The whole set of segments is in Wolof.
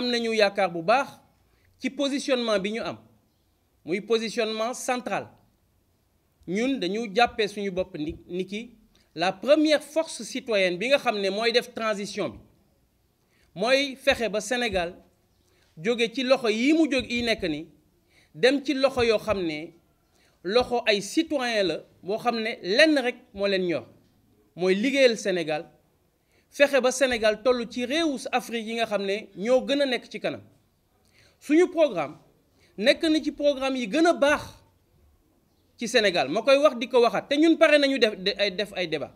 Nous yakar bu baax ci positionnement positionnement central ñun dañu jappé suñu la première force citoyenne bi nga ne transition bi moy le Sénégal nous ci loxo mu yi ni dem ci loxo citoyen la bo xamné lenn rek Sénégal fexe ba Sénégal toll ci réewu Afrique yi nga xamné ne ñoo gën a ci kanam suñu programme nek na ci programme yi gëna bax ci Sénégal makoy wax diko waxat té ñun paré nañu def ay def ay débat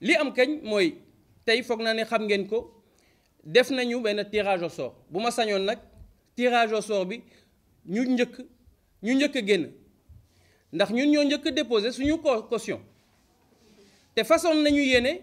li am kañ moy tay foog naa ne xam ngeen ko def nañu ben tirage au sort buma sañon nak tirage au sort bi ñu ñëk ñu ñëk genn ndax ñun ño ñëk déposer suñu caution té façon nañu yéné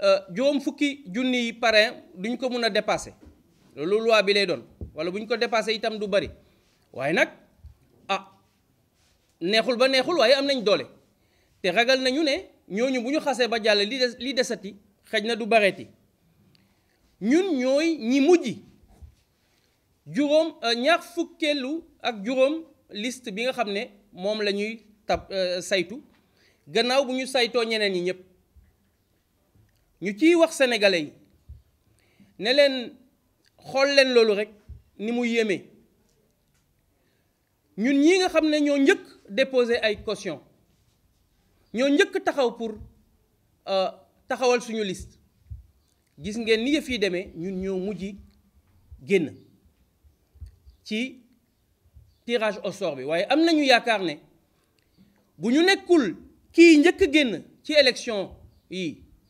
Euh, juróom fukki junni yi parrain duñ ko mën a dépasser loolu loi bi lay doon wala buñ ko dépasser itam du bari waaye nag ah neexul ba neexul waaye am nañ doole te ragal nañu ne ñooñu bu ñu xasee ba jàll li des desati xëj na du bareeti ñun ñooy ñi mujj juróom euh, ñaar fukkeelu ak juróom list bi nga xam ne moom la ñuy tab euh, saytu gannaaw bu ñu saytoo ñeneen yi ñëpp. Nous sommes wax sénégalais nous ne nous. Nous ni mu sommes ñun ñi nga Nous des cautions. nous sommes ay caution gens qui pour euh, taxawal liste gis ngeen ni ñun tirage au sort bi tous am nañu ne bu ñu nekkul tous ñëk génn ci élection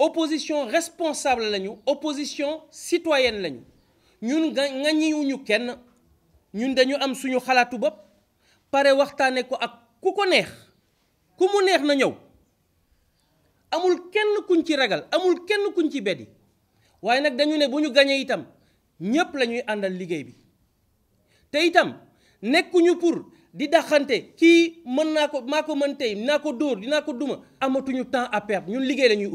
opposition responsable lañu opposition citoyenne lañu ñun ŋañiwuñu kenn ñun dañu am suñu xalaatu bop paré waxtaane ko ak ku ko neex ku mu neex na ñew amul kenn kuñ ci ragal amul kenn kuñ ci beddi waaye nak dañu ne buñu gagné itam ñépp lañuy andal àndal liggéey bi te itam nekkuñu pour di daxante ki mën ko mako ko mën tay na ko dóor dinaa duma amatuñu temps à perdre ñun liggéey lañuy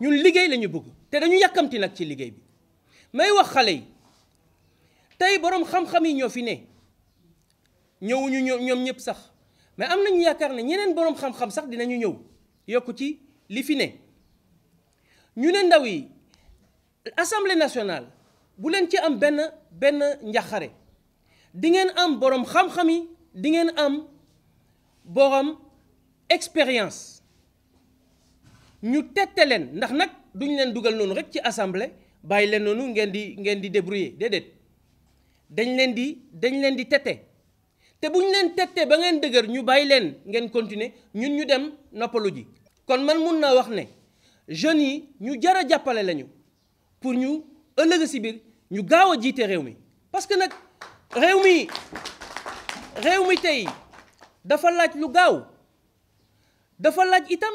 ñun liggéey la ñu bëgg te dañu yàkkamti nag ci liggéey bi may wax xale yi tey ont xam-xam yi ñoo fi ne ñëwuñu ñëpp sax mais am nañu yaakaar ne ñeneen borom xam-xam sax dinañu ñëw yokku ci li fi ne ñu ne ndaw yi assemblée nationale bu leen ci am benn benn njaxare di ngeen am nous xam-xam di am boroom expérience ñu tette leen ndax nag duñ leen dugal noonu rek ci assemblée bàyyi leen noonu ngeen di ngeen di débrouiller déedéet dañ leen di dañ leen di tette te buñ leen tette ba ngeen dëgër ñu bàyyi leen ngeen continuer ñun ñu dem noppalu ji. kon man mun naa wax ne jeunes yi ñu jar a jàppale lañu pour ñu ëllëg si biir ñu gaaw a jiite réew mi parce que nag réew mi réew mi tey dafa laaj lu gaaw dafa laaj itam.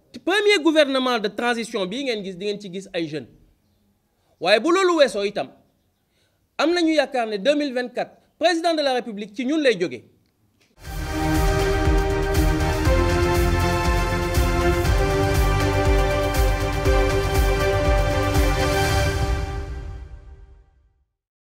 premier gouvernement de transition bi ngeen gis di ngeen ci gis ay jeunes waaye bu lolou wesso itam am nañu 2024 président de la république ci ñun lay